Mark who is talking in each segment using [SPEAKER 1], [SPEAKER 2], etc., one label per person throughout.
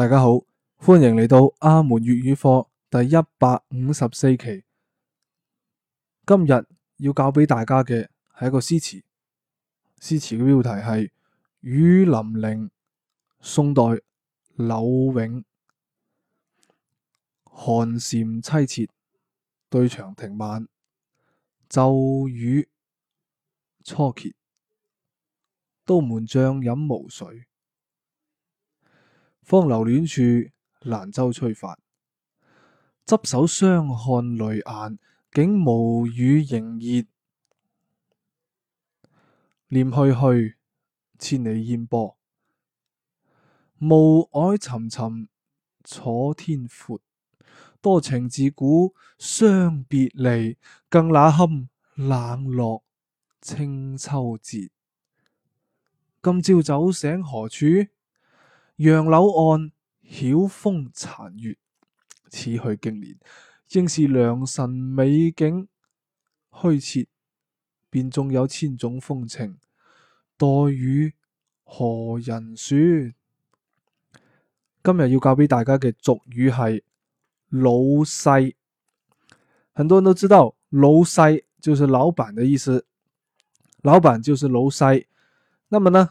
[SPEAKER 1] 大家好，歡迎嚟到阿門粵語課第一百五十四期。今日要教俾大家嘅係一個詩詞，詩詞嘅標題係《雨霖鈴》，宋代柳永。寒蟬淒切，對長亭晚，驟雨初歇，都門帳飲無緒。」方留戀處，蘭舟催發。執手相看淚眼，竟無語凝噎。念去去，千里煙波，暮靄沉沉，楚天闊。多情自古傷別離，更那堪冷落清秋節。今朝酒醒何處？楊柳岸，曉風殘月。此去經年，應是良辰美景虛設。便縱有千種風情，待與何人說？今日要教俾大家嘅俗語係老世，很多人都知道老世就是老闆的意思，老闆就是老世。那麼呢？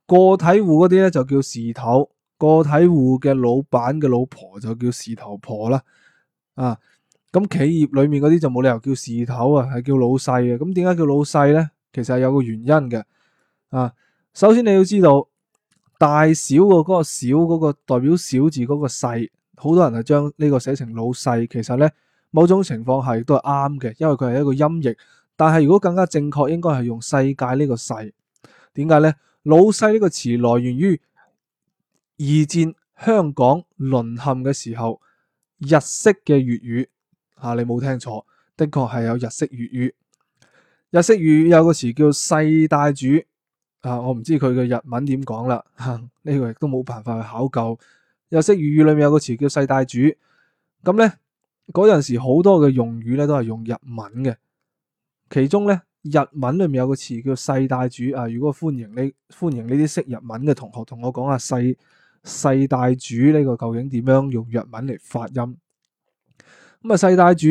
[SPEAKER 1] 個體戶嗰啲咧就叫事頭，個體戶嘅老闆嘅老婆就叫事頭婆啦。啊，咁企業裏面嗰啲就冇理由叫事頭啊，係叫老細嘅。咁點解叫老細咧？其實係有個原因嘅。啊，首先你要知道大小嗰個小嗰個代表小字嗰個細，好多人係將呢個寫成老細，其實咧某種情況係都係啱嘅，因為佢係一個音譯。但係如果更加正確，應該係用世界個細呢個世，點解咧？老世呢個詞來源於二戰香港淪陷嘅時候日式嘅粵語啊，你冇聽錯，的確係有日式粵語。日式粵語有個詞叫世大主啊，我唔知佢嘅日文點講啦，呢、啊呢個亦都冇辦法去考究。日式粵語裏面有個詞叫世大主，咁咧嗰陣時好多嘅用語咧都係用日文嘅，其中咧。日文裡面有個詞叫世大主啊，如果歡迎呢，歡迎呢啲識日文嘅同學，同我講下世世大主呢個究竟點樣用日文嚟發音？咁啊，世大主，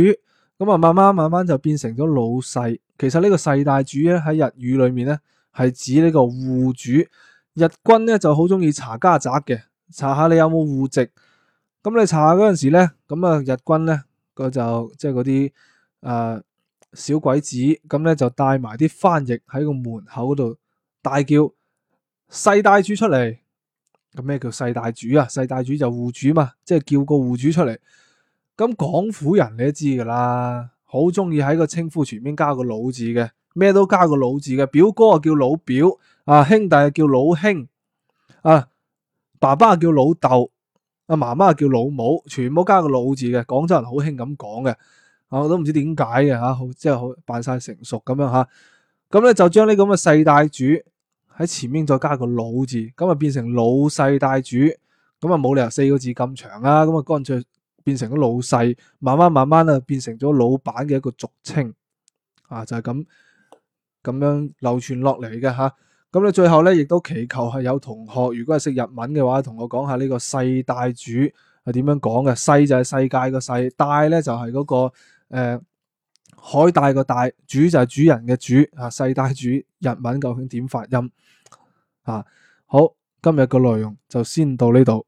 [SPEAKER 1] 咁啊，慢慢慢慢就變成咗老世。其實呢個世大主咧喺日語裡面咧係指呢個戶主。日軍咧就好中意查家宅嘅，查下你有冇戶籍。咁你查嗰陣時咧，咁啊，日軍咧佢就即係嗰啲誒。呃小鬼子咁咧就帶埋啲翻譯喺個門口度大叫世大主出嚟，咁咩叫世大主啊？世大主就戶主嘛，即係叫個戶主出嚟。咁廣府人你都知噶啦，好中意喺個稱呼前面加個老字嘅，咩都加個老字嘅。表哥就叫老表啊，兄弟就叫老兄啊，爸爸就叫老豆，啊媽媽就叫老母，全部加個老字嘅。廣州人好興咁講嘅。我、啊、都唔知點解嘅吓，即係好扮晒成熟咁樣吓，咁、啊、咧、嗯、就將呢咁嘅世大主喺前面再加個老字，咁、嗯、啊變成老世大主，咁啊冇理由四個字咁長啦，咁啊乾脆、嗯、變成咗老世，慢慢慢慢啊變成咗老闆嘅一個俗稱，啊就係、是、咁，咁樣流傳落嚟嘅吓，咁、啊、咧、嗯嗯、最後咧亦都祈求係有同學如果係識日文嘅話，同我講下呢個世大主係點樣講嘅，世就係世界個世，大咧就係、是、嗰、那個。誒、呃、海大個大，主就係主人嘅主啊，世大主日文究竟點發音啊？好，今日嘅內容就先到呢度。